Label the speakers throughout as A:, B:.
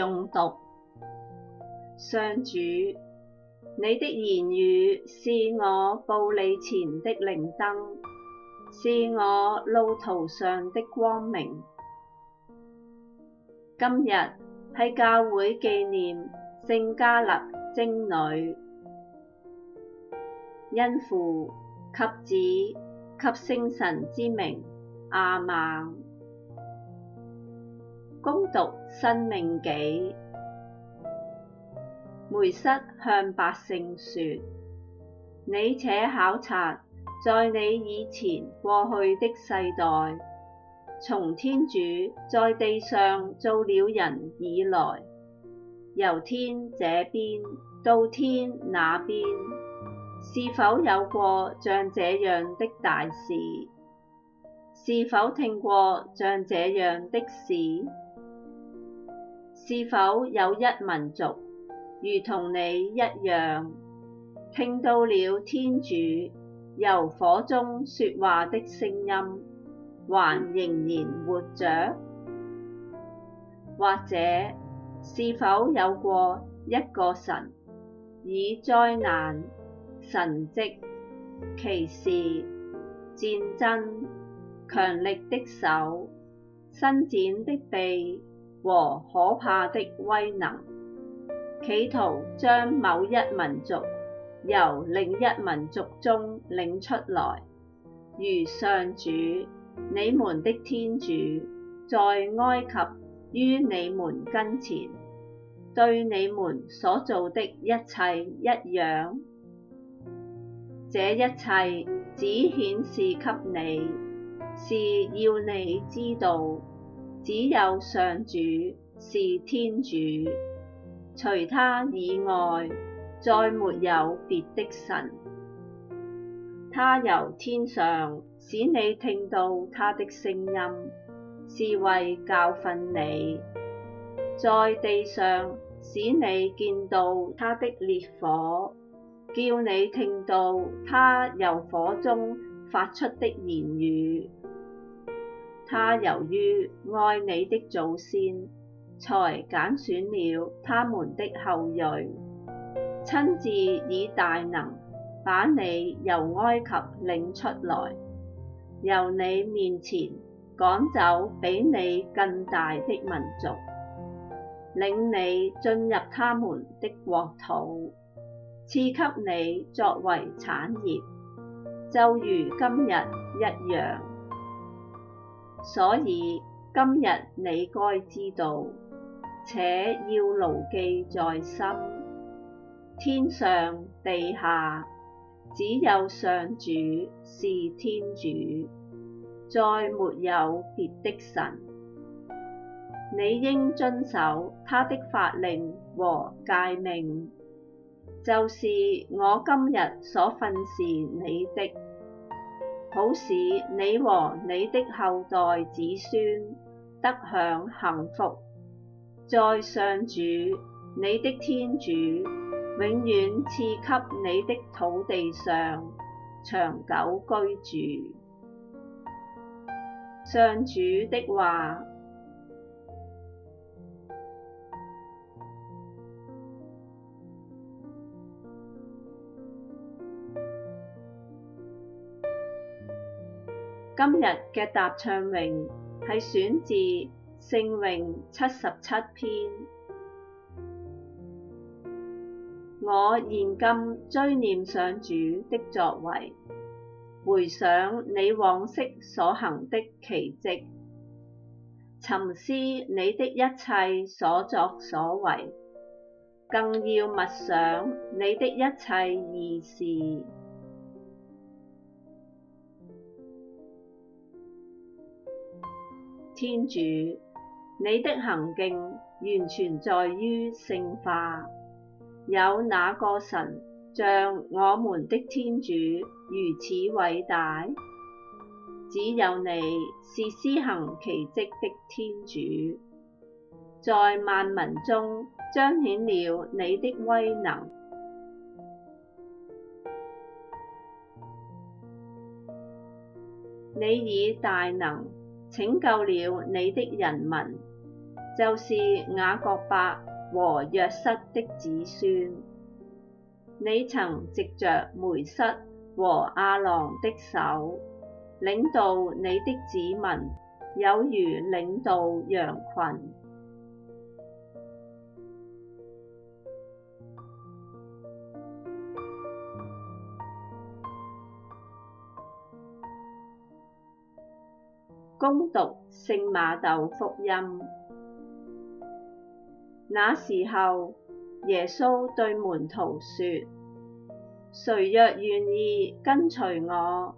A: 用讀，上主，你的言語是我步履前的靈燈，是我路途上的光明。今日喺教會紀念聖嘉勒貞女，因父及子及聖神之名，阿們。恭讀申命紀，梅瑟向百姓說：你且考察，在你以前過去的世代，從天主在地上造了人以來，由天這邊到天那邊，是否有過像這樣的大事？是否聽過像這樣的事？是否有一民族，如同你一樣，聽到了天主由火中說話的聲音，還仍然活著？或者，是否有過一個神，以災難、神蹟、奇事、戰爭、強力的手、伸展的臂，和可怕的威能，企圖將某一民族由另一民族中領出來。如上主你們的天主在埃及於你們跟前，對你們所做的一切一樣，這一切只顯示給你，是要你知道。只有上主是天主，除他以外，再沒有別的神。他由天上使你聽到他的聲音，是為教訓你；在地上使你見到他的烈火，叫你聽到他由火中發出的言語。他由於愛你的祖先，才揀選了他們的後裔，親自以大能把你由埃及領出來，由你面前趕走比你更大的民族，領你進入他們的國土，賜給你作為產業，就如今日一樣。所以今日你該知道，且要牢記在心。天上地下，只有上主是天主，再沒有別的神。你應遵守他的法令和誡命，就是我今日所訓示你的。好使你和你的後代子孫得享幸福，在上主你的天主永遠賜給你的土地上長久居住。上主的話。今日嘅答唱詠係選自聖詠七十七篇。我現今追念上主的作為，回想你往昔所行的奇蹟，沉思你的一切所作所為，更要默想你的一切異事。天主，你的行徑完全在於聖化。有哪個神像我們的天主如此偉大？只有你是施行奇蹟的天主，在萬民中彰顯了你的威能。你以大能，拯救了你的人民，就是雅各伯和若瑟的子孫。你曾藉着梅瑟和亞郎的手，領導你的子民，有如領導羊群。攻讀《聖馬豆福音》。那時候，耶穌對門徒説：誰若願意跟隨我，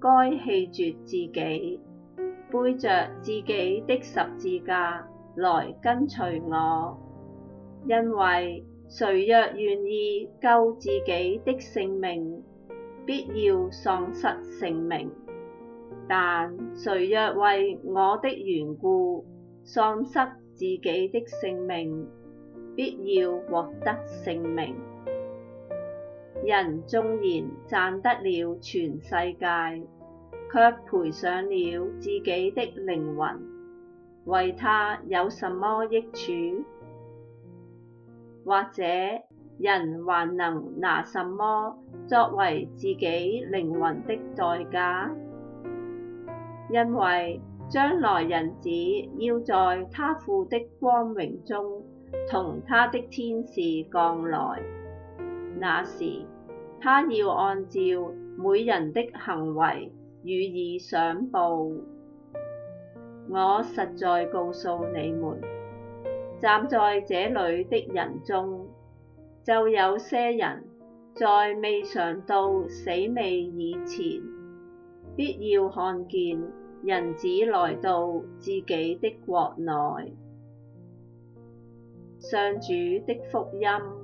A: 該棄絕自己，背著自己的十字架來跟隨我，因為誰若願意救自己的性命，必要喪失性命。但誰若為我的緣故，喪失自己的性命，必要獲得性命。人縱然賺得了全世界，却賠上了自己的靈魂，為他有什麼益處？或者人還能拿什麼作為自己靈魂的代價？因為將來人子要在他父的光榮中同他的天使降來，那時，他要按照每人的行為予以賞報。我實在告訴你們，站在這裡的人中，就有些人在未嘗到死味以前，必要看見人子來到自己的國內，上主的福音。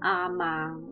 A: 阿媽。